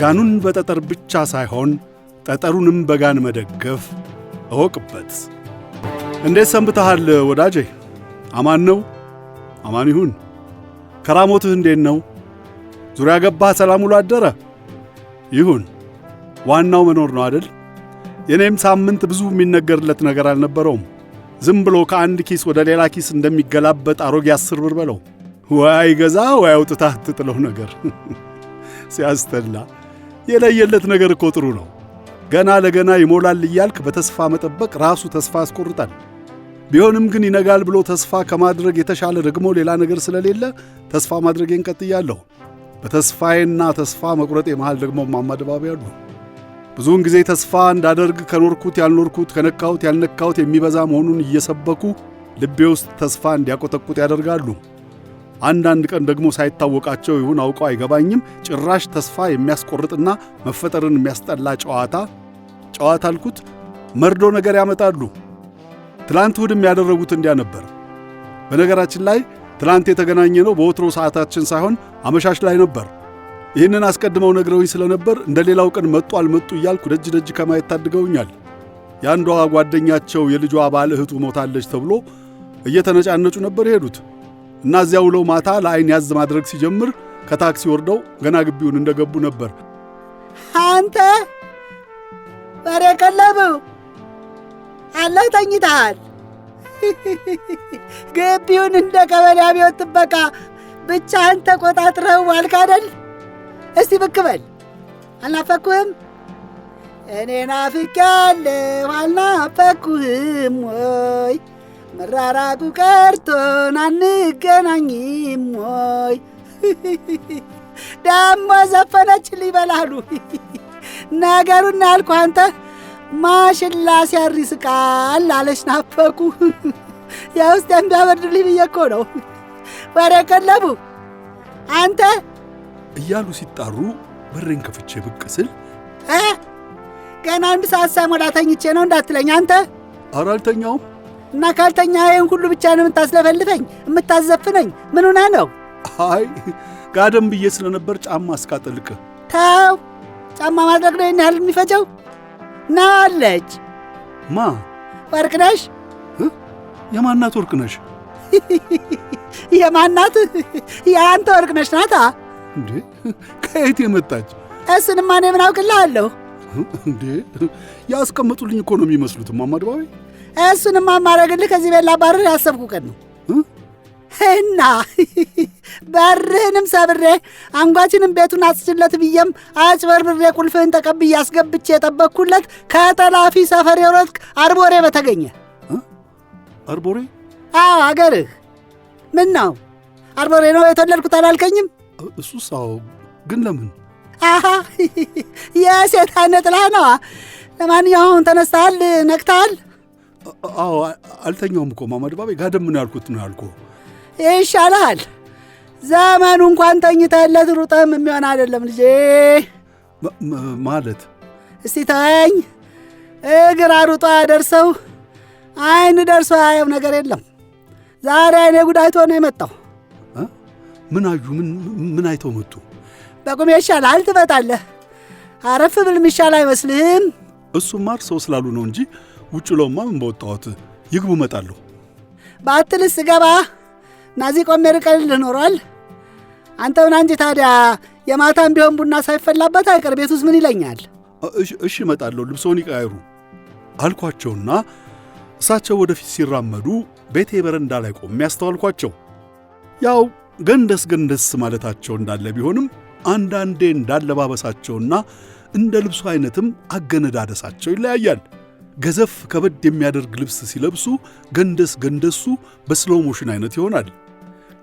ጋኑን በጠጠር ብቻ ሳይሆን ጠጠሩንም በጋን መደገፍ እወቅበት። እንዴት ሰንብተሃል ወዳጄ? አማን ነው? አማን ይሁን። ከራሞትህ እንዴት ነው? ዙሪያ ገባህ ሰላም ውሎ አደረ? ይሁን። ዋናው መኖር ነው አደል? የእኔም ሳምንት ብዙ የሚነገርለት ነገር አልነበረውም። ዝም ብሎ ከአንድ ኪስ ወደ ሌላ ኪስ እንደሚገላበጥ አሮጌ አስር ብር በለው ወይ ገዛ ወይ አውጥታህ ትጥለው ነገር ሲያስተላ የለየለት ነገር እኮ ጥሩ ነው። ገና ለገና ይሞላል እያልክ በተስፋ መጠበቅ ራሱ ተስፋ ያስቆርጣል። ቢሆንም ግን ይነጋል ብሎ ተስፋ ከማድረግ የተሻለ ደግሞ ሌላ ነገር ስለሌለ ተስፋ ማድረጌን ቀጥያለሁ። በተስፋዬና ተስፋ መቁረጤ መሃል ደግሞ ማማደባብ ድባቤ ብዙውን ጊዜ ተስፋ እንዳደርግ ከኖርኩት ያልኖርኩት ከነካሁት ያልነካሁት የሚበዛ መሆኑን እየሰበኩ ልቤ ውስጥ ተስፋ እንዲያቆጠቁጥ ያደርጋሉ። አንዳንድ ቀን ደግሞ ሳይታወቃቸው ይሁን አውቀው አይገባኝም፣ ጭራሽ ተስፋ የሚያስቆርጥና መፈጠርን የሚያስጠላ ጨዋታ ጨዋታ አልኩት፣ መርዶ ነገር ያመጣሉ። ትላንት እሑድም ያደረጉት እንዲያ ነበር። በነገራችን ላይ ትላንት የተገናኘ ነው በወትሮ ሰዓታችን ሳይሆን አመሻሽ ላይ ነበር። ይህንን አስቀድመው ነግረውኝ ስለነበር እንደ ሌላው ቀን መጡ አልመጡ እያልኩ ደጅ ደጅ ከማየት ታድገውኛል። የአንዷ ጓደኛቸው የልጇ ባል እህቱ ሞታለች ተብሎ እየተነጫነጩ ነበር የሄዱት። እና እዚያ ውለው ማታ ለአይን ያዝ ማድረግ ሲጀምር ከታክሲ ወርደው ገና ግቢውን እንደገቡ ነበር። አንተ በሬ ቀለብ አለህ ተኝተሃል። ግቢውን እንደ ቀበሌ አብዮት ጥበቃ ብቻህን ተቆጣጥረው አልክ አይደል? እስቲ ብቅ በል አልናፈኩህም? እኔ ናፍቄያለሁ አልናፈኩህም ወይ? መራራቁ ቀርቶን አንገናኝም ወይ? ደሞ ዘፈነች ሊበላሉ ነገሩን ናልኩ አንተ ማሽላ ሲያሪስ ቃል አለች ናፈኩ የውስጥ የሚያበርድልኝ ብዬ እኮ ነው። ወሬ ቀለቡ አንተ እያሉ ሲጣሩ በሬን ከፍቼ ብቅ ስል ገና አንድ ሰዓት ሳይሞላ ተኝቼ ነው እንዳትለኝ አንተ። ኧረ እና ካልተኛ ይህን ሁሉ ብቻ ነው የምታስለፈልፈኝ የምታዘፍነኝ? ምን ሆና ነው? አይ ጋደም ብዬ ስለነበር ጫማ እስካጠልቅ። ተው ጫማ ማድረግ ነው ይህን ያህል የሚፈጀው? ና አለች። ማ ወርቅነሽ? የማናት ወርቅነሽ? የማናት? የአንተ ወርቅነሽ ናታ። እንዴ ከየት የመጣች? እሱንማ እኔ ምን አውቅልሃለሁ። እንዴ ያስቀመጡልኝ እኮ ነው የሚመስሉት እማማ ድባቤ እሱንማ ማረግልህ ከዚህ ቤት ላባርር ያሰብኩ ቀን ነው እና በርህንም ሰብሬ አንጓችንም ቤቱን አጽችለት ብዬም አጭበርብሬ ቁልፍህን ተቀብዬ አስገብቼ የጠበቅኩለት ከተላፊ ሰፈር የሮጥክ አርቦሬ በተገኘ አርቦሬ? አዎ አገርህ። ምን ነው አርቦሬ ነው የተወለድኩት አላልከኝም? እሱ ሳው ግን ለምን? አሃ የሴታ ነጥላ ነዋ። ለማንኛውም ተነስተሃል? ነቅተሃል? አዎ አልተኛውም እኮ ማማ ድባቤ፣ ጋደም ነው ያልኩት ነው ያልኩ። ይሻልሃል። ዘመኑ እንኳን ተኝተህለት ሩጠህም የሚሆን አይደለም ልጄ። ማለት እስቲ ተወኝ። እግር አሩጦ ያደርሰው አይን ደርሶ ያየው ነገር የለም። ዛሬ አይኔ ጉዳይቶ ነው የመጣው። ምን አዩ? ምን አይተው መጡ? በቁም ይሻልሃል፣ ትበጣለህ። አረፍ ብልም ይሻል አይመስልህም? እሱ ማር ሰው ስላሉ ነው እንጂ ውጭ ለማ ምን በወጣሁት ይግቡ እመጣለሁ። በአትልስ ገባ ናዚ ቆሜ ርቀልልህ ኖሯል። አንተ ምን እንጂ ታዲያ የማታም ቢሆን ቡና ሳይፈላበት አይቀር ቤት ውስጥ ምን ይለኛል? እሺ እመጣለሁ፣ ልብሶን ይቀያይሩ አልኳቸውና እሳቸው ወደፊት ሲራመዱ ቤቴ በረንዳ ላይ ቆሜ ያስተዋልኳቸው። ያው ገንደስ ገንደስ ማለታቸው እንዳለ ቢሆንም አንዳንዴ እንዳለባበሳቸውና እንደ ልብሱ አይነትም አገነዳደሳቸው ይለያያል። ገዘፍ ከበድ የሚያደርግ ልብስ ሲለብሱ ገንደስ ገንደሱ ሞሽን አይነት ይሆናል።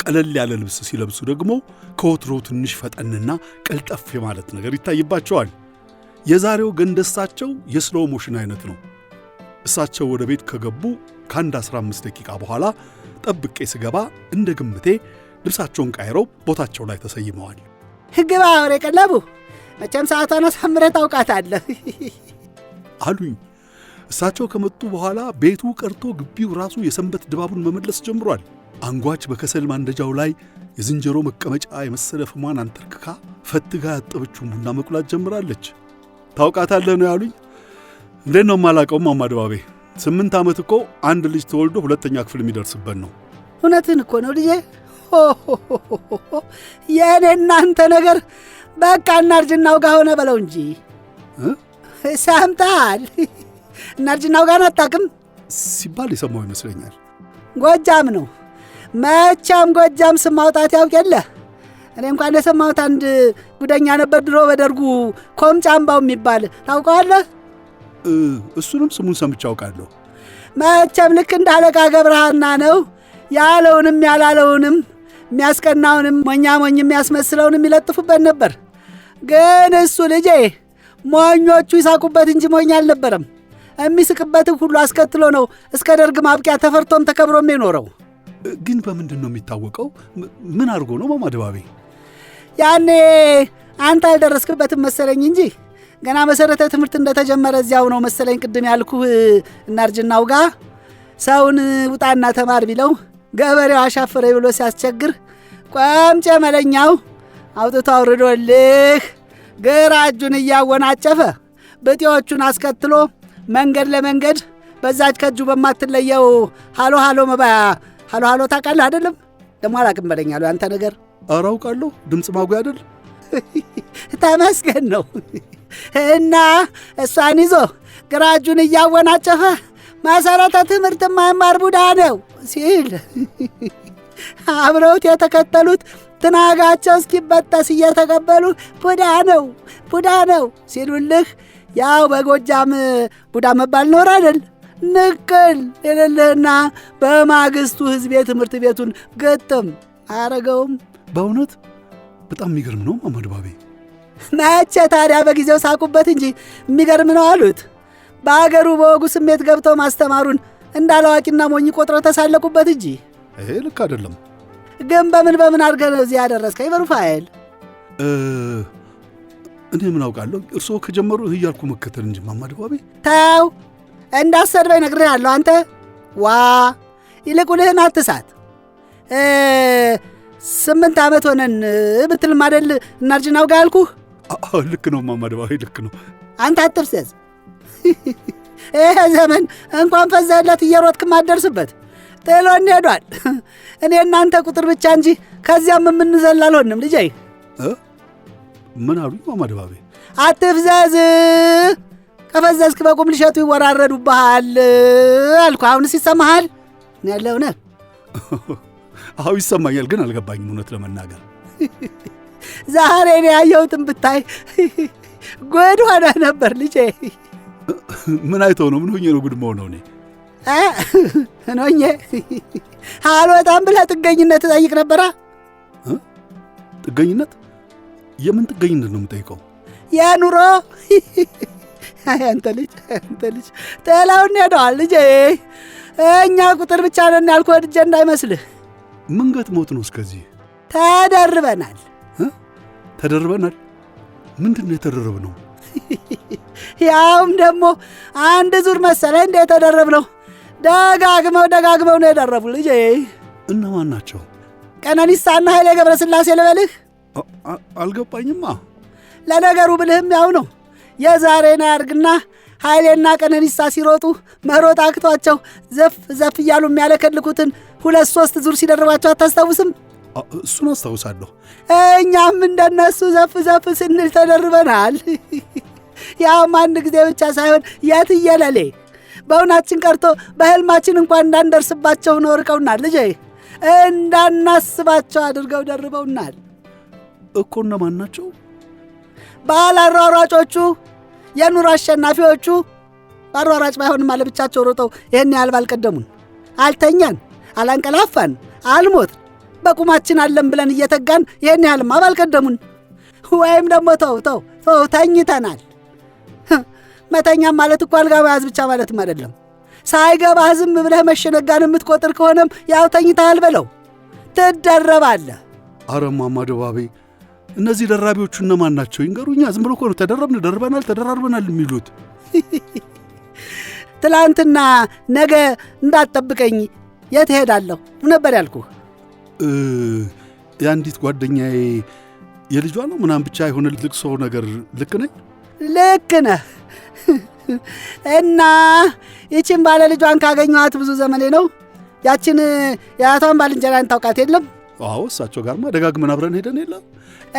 ቀለል ያለ ልብስ ሲለብሱ ደግሞ ከወትሮው ትንሽ ፈጠንና ቀልጠፍ የማለት ነገር ይታይባቸዋል። የዛሬው ገንደሳቸው ሞሽን አይነት ነው። እሳቸው ወደ ቤት ከገቡ ከአንድ 15 ደቂቃ በኋላ ጠብቄ ስገባ እንደ ግምቴ ልብሳቸውን ቀይረው ቦታቸው ላይ ተሰይመዋል። ህግባ አውሬ ቀለቡ መቼም ሰዓቷን አሳምረህ ታውቃታለህ አሉኝ። እሳቸው ከመጡ በኋላ ቤቱ ቀርቶ ግቢው ራሱ የሰንበት ድባቡን መመለስ ጀምሯል። አንጓች በከሰል ማንደጃው ላይ የዝንጀሮ መቀመጫ የመሰለ ፍሟን አንተርክካ ፈትጋ ያጠበችውን ቡና መቁላት ጀምራለች። ታውቃታለህ ነው ያሉኝ። እንዴት ነው የማላውቀውም? እማማ ድባቤ ስምንት ዓመት እኮ አንድ ልጅ ተወልዶ ሁለተኛ ክፍል የሚደርስበት ነው። እውነትን እኮ ነው ልጄ። የእኔ እናንተ ነገር በቃ እናርጅ እናውጋ ሆነ በለው እንጂ ሰምታል እና እርጅናው ጋር አታውቅም ሲባል የሰማው ይመስለኛል። ጎጃም ነው መቼም ጎጃም ስም ማውጣት ያውቅ የለ እኔ እንኳን የሰማሁት አንድ ጉደኛ ነበር ድሮ በደርጉ ኮምጫምባው የሚባል ታውቀዋለህ? እሱንም ስሙን ሰምቼ አውቃለሁ። መቼም ልክ እንደ አለቃ ገብረሃና ነው ያለውንም ያላለውንም የሚያስቀናውንም ሞኛ ሞኝ የሚያስመስለውንም ይለጥፉበት ነበር። ግን እሱ ልጄ ሞኞቹ ይሳቁበት እንጂ ሞኝ አልነበረም። የሚስቅበትም ሁሉ አስከትሎ ነው እስከ ደርግ ማብቂያ ተፈርቶም ተከብሮም የኖረው። ግን በምንድን ነው የሚታወቀው? ምን አድርጎ ነው ማማድባቤ? ያኔ አንተ አልደረስክበትም መሰለኝ እንጂ ገና መሰረተ ትምህርት እንደተጀመረ እዚያው ነው መሰለኝ ቅድም ያልኩህ እናርጅናው ጋ ሰውን ውጣና ተማር ቢለው ገበሬው አሻፈረ ብሎ ሲያስቸግር ቆምጨ መለኛው አውጥቶ አውርዶልህ ግራ እጁን እያወናጨፈ ብጤዎቹን አስከትሎ መንገድ ለመንገድ በዛች ከእጁ በማትለየው ሀሎ ሀሎ መባያ ሀሎ ሀሎ ታውቃለህ አይደለም? ደግሞ አላቅም በለኛሉ አንተ ነገር ኧረ አውቃለሁ። ድምፅ ማጉ አይደል? ተመስገን ነው። እና እሷን ይዞ ግራ እጁን እያወናጨፈ መሰረተ ትምህርት የማይማር ቡዳ ነው ሲል አብረውት የተከተሉት ትናጋቸው እስኪበጠስ እየተቀበሉ ቡዳ ነው ቡዳ ነው ሲሉልህ ያው በጎጃም ቡዳ መባል ኖር አይደል ንቅል የሌለህና በማግስቱ ህዝቤ ትምህርት ቤቱን ገጥም አያረገውም። በእውነት በጣም የሚገርም ነው ማመድባቤ መቼ ታዲያ በጊዜው ሳቁበት እንጂ የሚገርም ነው አሉት። በአገሩ በወጉ ስሜት ገብተው ማስተማሩን እንደ እንዳላዋቂና ሞኝ ቆጥረው ተሳለቁበት እንጂ ይሄ ልክ አይደለም። ግን በምን በምን አድርገህ ነው እዚህ ያደረስከኝ በሩፋኤል? እኔ ምን አውቃለሁ? እርስዎ ከጀመሩ እያልኩ መከተል እንጂ ማማ ድባቤ ተው፣ እንዳሰድበኝ ነግሬሃለሁ። አንተ ዋ ይልቁልህን አትሳት። ስምንት ዓመት ሆነን ብትልም አይደል እናርጅናው አውጋ ያልኩህ ልክ ነው ማማ ድባቤ፣ ልክ ነው። አንተ አትፍሰስ። ይህ ዘመን እንኳን ፈዘህለት እየሮጥክ ማደርስበት ጥሎን ሄዷል። እኔ እናንተ ቁጥር ብቻ እንጂ ከዚያም የምንዘል አልሆንም ልጄ ምን አሉ ማማ ድባቤ አትፍዘዝ፣ ከፈዘዝክ በቁም ልሸቱ ይወራረዱብሃል አልኩ። አሁንስ ይሰማሃል ምን ያለው ነህ? አሁ ይሰማኛል፣ ግን አልገባኝም። እውነት ለመናገር ዛሬ እኔ ያየሁትን ብታይ ጉድ ሆነ ነበር ልጄ። ምን አይተው ነው? ምን ሆኜ ነው ጉድ መሆነው? እኔ ኖኜ አልወጣም ብለህ ጥገኝነት ጠይቅ ነበራ። ጥገኝነት የምን እንድን ነው የምጠይቀው። ያ ኑሮ አንተ ልጅ አንተ ልጅ ጥላውን ሄደዋል። ልጄ እኛ ቁጥር ብቻ ነን ያልኩ ወድጄ እንዳይመስልህ። ምን ገጥሞት ነው እስከዚህ? ተደርበናል ተደርበናል። ምንድን ነው የተደረብነው? ያውም ደግሞ አንድ ዙር መሰለ እንደ ነው ደጋግመው ደጋግመው ነው የደረቡ ልጄ። እነማን ናቸው? ቀነኒሳና ኃይሌ ገብረስላሴ ልበልህ አልገባኝማ። ለነገሩ ብልህም ያው ነው። የዛሬን አያርግና ኃይሌና ቀነኒሳ ሲሮጡ መሮጥ አክቷቸው ዘፍ ዘፍ እያሉ የሚያለከልኩትን ሁለት ሶስት ዙር ሲደርባቸው አታስታውስም? እሱን አስታውሳለሁ። እኛም እንደነሱ ዘፍ ዘፍ ስንል ተደርበናል። ያም አንድ ጊዜ ብቻ ሳይሆን የትየለሌ በእውናችን ቀርቶ በህልማችን እንኳን እንዳንደርስባቸው ነው ርቀውናል። ልጄ እንዳናስባቸው አድርገው ደርበውናል። እኮ እነማን ናቸው? ባል አሯሯጮቹ፣ የኑሮ አሸናፊዎቹ። አሯራጭ ባይሆንም አለብቻቸው ሮጠው ይህን ያህል ባልቀደሙን፣ አልተኛን፣ አላንቀላፋን፣ አልሞት በቁማችን አለን ብለን እየተጋን ይህን ያህልማ ባልቀደሙን። ወይም ደግሞ ተው ተው ተው ተኝተናል። መተኛም ማለት እኮ አልጋ መያዝ ብቻ ማለትም አይደለም። ሳይገባ ዝም ብለህ መሸነጋን የምትቆጥር ከሆነም ያው ተኝተሃል በለው፣ ትደረባለህ። አረማማ ደባቤ እነዚህ ደራቢዎቹ እነማን ናቸው ይንገሩኛ። ዝም ብሎ እኮ ነው ተደረብን፣ ደርበናል፣ ተደራርበናል የሚሉት። ትላንትና ነገ እንዳትጠብቀኝ የት እሄዳለሁ ነበር ያልኩህ። የአንዲት ጓደኛዬ የልጇ ነው ምናም ብቻ የሆነ ልቅሶ ነገር ልክ ነኝ? ልክ ነህ። እና ይችን ባለ ልጇን ካገኘኋት ብዙ ዘመኔ ነው። ያችን የአያቷን ባልንጀራን ታውቃት የለም? አዎ እሳቸው ጋርማ ደጋግመን አብረን ሄደን የለም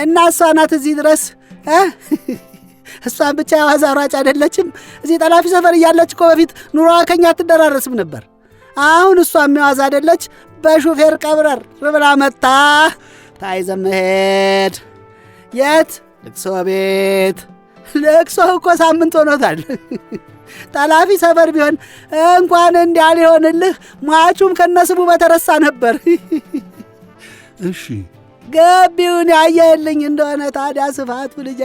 እና እሷ ናት እዚህ ድረስ እሷን ብቻ የዋዛ ሯጭ አይደለችም። እዚህ ጠላፊ ሰፈር እያለች እኮ በፊት ኑሮዋ ከኛ አትደራረስም ነበር። አሁን እሷም የዋዛ አይደለች። በሹፌር ቀብረር ብላ መታ ታይዘ መሄድ የት ልቅሶ ቤት። ልቅሶ እኮ ሳምንት ሆኖታል። ጠላፊ ሰፈር ቢሆን እንኳን እንዲያ ሊሆንልህ ሟቹም ከነስቡ በተረሳ ነበር። እሺ ገቢውን ያየልኝ እንደሆነ ታዲያ ስፋቱ ልጄ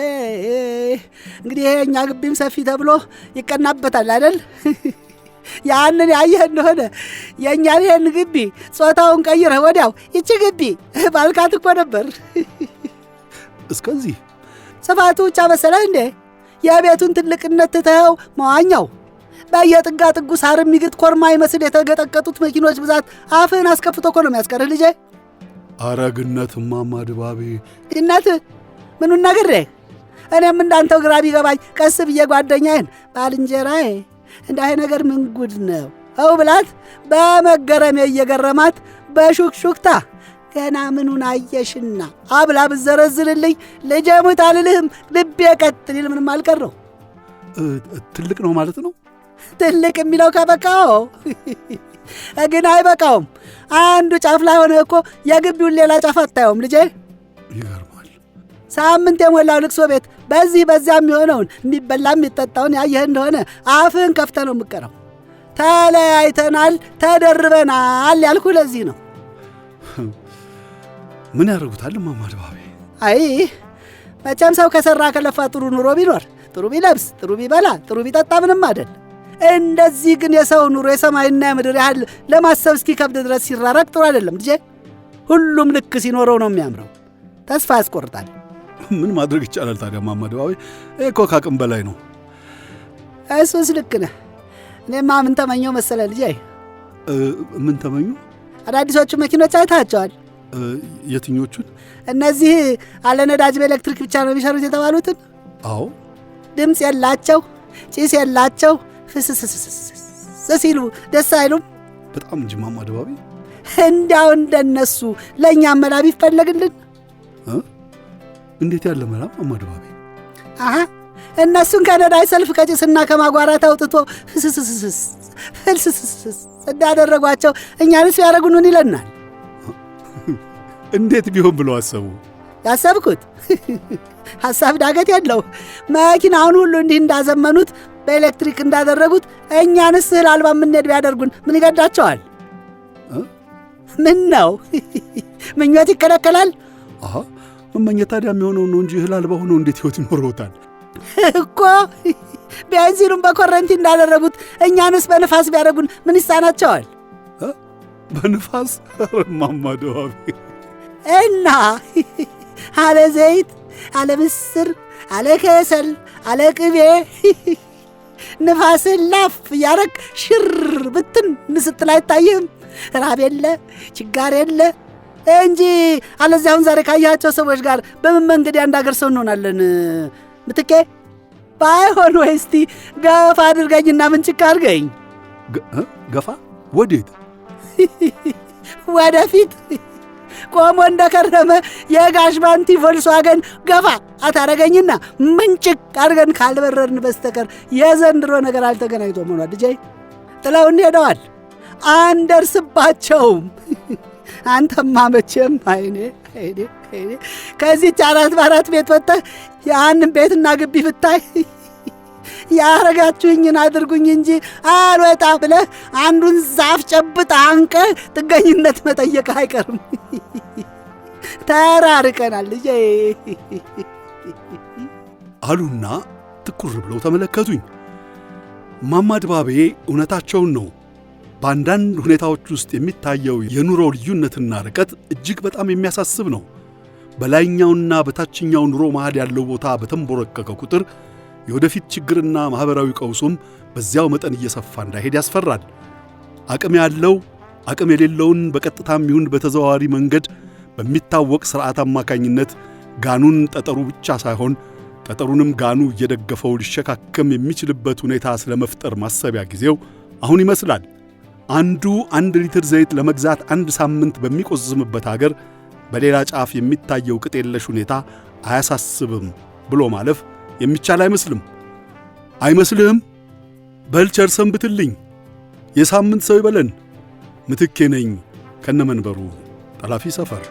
እንግዲህ እኛ ግቢም ሰፊ ተብሎ ይቀናበታል አይደል? ያንን ያየህ እንደሆነ የእኛን ይህን ግቢ ጾታውን ቀይረህ ወዲያው ይቺ ግቢ ባልካት እኮ ነበር። እስከዚህ ስፋቱ ብቻ መሰለህ እንዴ? የቤቱን ትልቅነት ትተኸው መዋኛው፣ በየጥጋ ጥጉ ሳር የሚግጥ ኮርማ ይመስል የተገጠቀጡት መኪኖች ብዛት አፍህን አስከፍቶ እኮ ነው የሚያስቀርህ ልጄ። አረግነት እማማ ድባቤ እናት ምኑን ነግሬ እኔም እንዳንተው ግራ ቢገባኝ ቀስ ብዬ ጓደኛዬን ባልንጀራዬ እንዳይ ነገር ምን ጉድ ነው አው ብላት በመገረሜ እየገረማት በሹክሹክታ ገና ምኑን አየሽና አብላ ብዘረዝርልኝ ልጄ ሙት አልልህም ልቤ ቀጥ ሊል ምንም አልቀረው። ትልቅ ነው ማለት ነው። ትልቅ የሚለው ከበቃው ግን አይበቃውም። አንዱ ጫፍ ላይ ሆነ እኮ የግቢውን ሌላ ጫፍ አታየውም ልጄ። ይገርማል። ሳምንት የሞላው ልቅሶ ቤት በዚህ በዚያ የሚሆነውን የሚበላ የሚጠጣውን ያየህ እንደሆነ አፍህን ከፍተ ነው የምቀረው። ተለያይተናል፣ ተደርበናል ያልኩ ለዚህ ነው። ምን ያደርጉታል እማማ ድባቤ? አይ መቼም ሰው ከሠራ ከለፋ ጥሩ ኑሮ ቢኖር ጥሩ ቢለብስ ጥሩ ቢበላ ጥሩ ቢጠጣ ምንም አይደል። እንደዚህ ግን የሰው ኑሮ የሰማይና የምድር ያህል ለማሰብ እስኪከብድ ድረስ ሲራረቅ ጥሩ አይደለም ልጄ። ሁሉም ልክ ሲኖረው ነው የሚያምረው። ተስፋ ያስቆርጣል። ምን ማድረግ ይቻላል ታዲያ? ማማደባዊ? ድባቤ እኮ በላይ ነው። እሱስ ልክ ነህ። እኔማ ምን ተመኘው መሰለ ልጄ። ምን ተመኙ? አዳዲሶቹ መኪኖች አይታቸዋል? የትኞቹን? እነዚህ አለ ነዳጅ በኤሌክትሪክ ብቻ ነው የሚሰሩት የተባሉትን። አዎ፣ ድምፅ የላቸው፣ ጭስ የላቸው፣ ፍስስስስስ ሲሉ ደስ አይሉም? በጣም እንጂ ማማ ድባቤ፣ እንዲያው እንደነሱ ለእኛ መላ ይፈለግልን። እንዴት ያለ መላብ ማማ ድባቤ? አሀ እነሱን ከነዳይ ሰልፍ ከጭስና ከማጓራት አውጥቶ ፍስስስስስ ፍልስስስስ እንዳደረጓቸው እኛንስ ያደረጉንን ይለናል። እንዴት ቢሆን ብሎ አሰቡ። ያሰብኩት ሐሳብ ዳገት የለው። መኪናውን ሁሉ እንዲህ እንዳዘመኑት በኤሌክትሪክ እንዳደረጉት እኛንስ እህል አልባ የምንሄድ ቢያደርጉን ምን ይገዳቸዋል? ምን ነው ምኞት ይከለከላል? መመኘት ታዲያ የሚሆነው ነው እንጂ እህል አልባ ሆነው እንዴት ህይወት ይኖረውታል እኮ። ቤንዚኑን በኮረንቲ እንዳደረጉት እኛንስ በንፋስ ቢያደርጉን ምን ይሳናቸዋል? በንፋስ ረማማደዋቤ እና አለ ዘይት አለ ምስር አለ ከሰል አለ ቅቤ ንፋስ ላፍ ያረግ ሽር ብትን ንስጥል አይታይህም። ራብ የለ ችጋር የለ እንጂ አለዚያ አሁን ዛሬ ካያቸው ሰዎች ጋር በምን መንገድ አንድ አገር ሰው እንሆናለን? ምትኬ ባይሆን ወይ እስቲ ገፋ አድርገኝና ምንጭቃ አድርገኝ። ገፋ ወዴት? ወደፊት ቆሞ እንደከረመ የጋሽ ባንቲ ቮልስዋገን ገፋ አታረገኝና ምንጭቅ አድርገን ካልበረርን በስተቀር የዘንድሮ ነገር አልተገናኝቶ መኗል ልጄ ጥለውን ሄደዋል፣ አንደርስባቸውም። አንተማ መቼም አይኔ አይኔ አይኔ አራት በአራት ቤት ወጥተህ የአንም ቤትና ግቢ ብታይ ያረጋችሁኝን አድርጉኝ እንጂ አልወጣ ብለህ አንዱን ዛፍ ጨብጥ አንቀ ጥገኝነት መጠየቅ አይቀርም። ተራርቀናል ልጄ አሉና ትኩር ብለው ተመለከቱኝ። ማማ ድባቤ እውነታቸውን ነው። በአንዳንድ ሁኔታዎች ውስጥ የሚታየው የኑሮ ልዩነትና ርቀት እጅግ በጣም የሚያሳስብ ነው። በላይኛውና በታችኛው ኑሮ መሃል ያለው ቦታ በተንቦረቀቀ ቁጥር የወደፊት ችግርና ማኅበራዊ ቀውሱም በዚያው መጠን እየሰፋ እንዳይሄድ ያስፈራል። አቅም ያለው አቅም የሌለውን በቀጥታም ይሁን በተዘዋዋሪ መንገድ በሚታወቅ ሥርዓት አማካኝነት ጋኑን ጠጠሩ ብቻ ሳይሆን ጠጠሩንም ጋኑ እየደገፈው ሊሸካከም የሚችልበት ሁኔታ ስለመፍጠር ማሰቢያ ጊዜው አሁን ይመስላል። አንዱ አንድ ሊትር ዘይት ለመግዛት አንድ ሳምንት በሚቆዝምበት አገር በሌላ ጫፍ የሚታየው ቅጥ የለሽ ሁኔታ አያሳስብም ብሎ ማለፍ የሚቻል አይመስልም። አይመስልህም? በልቸር ሰንብትልኝ፣ የሳምንት ሰው ይበለን። ምትኬ ነኝ ከነመንበሩ ጠላፊ ሰፈር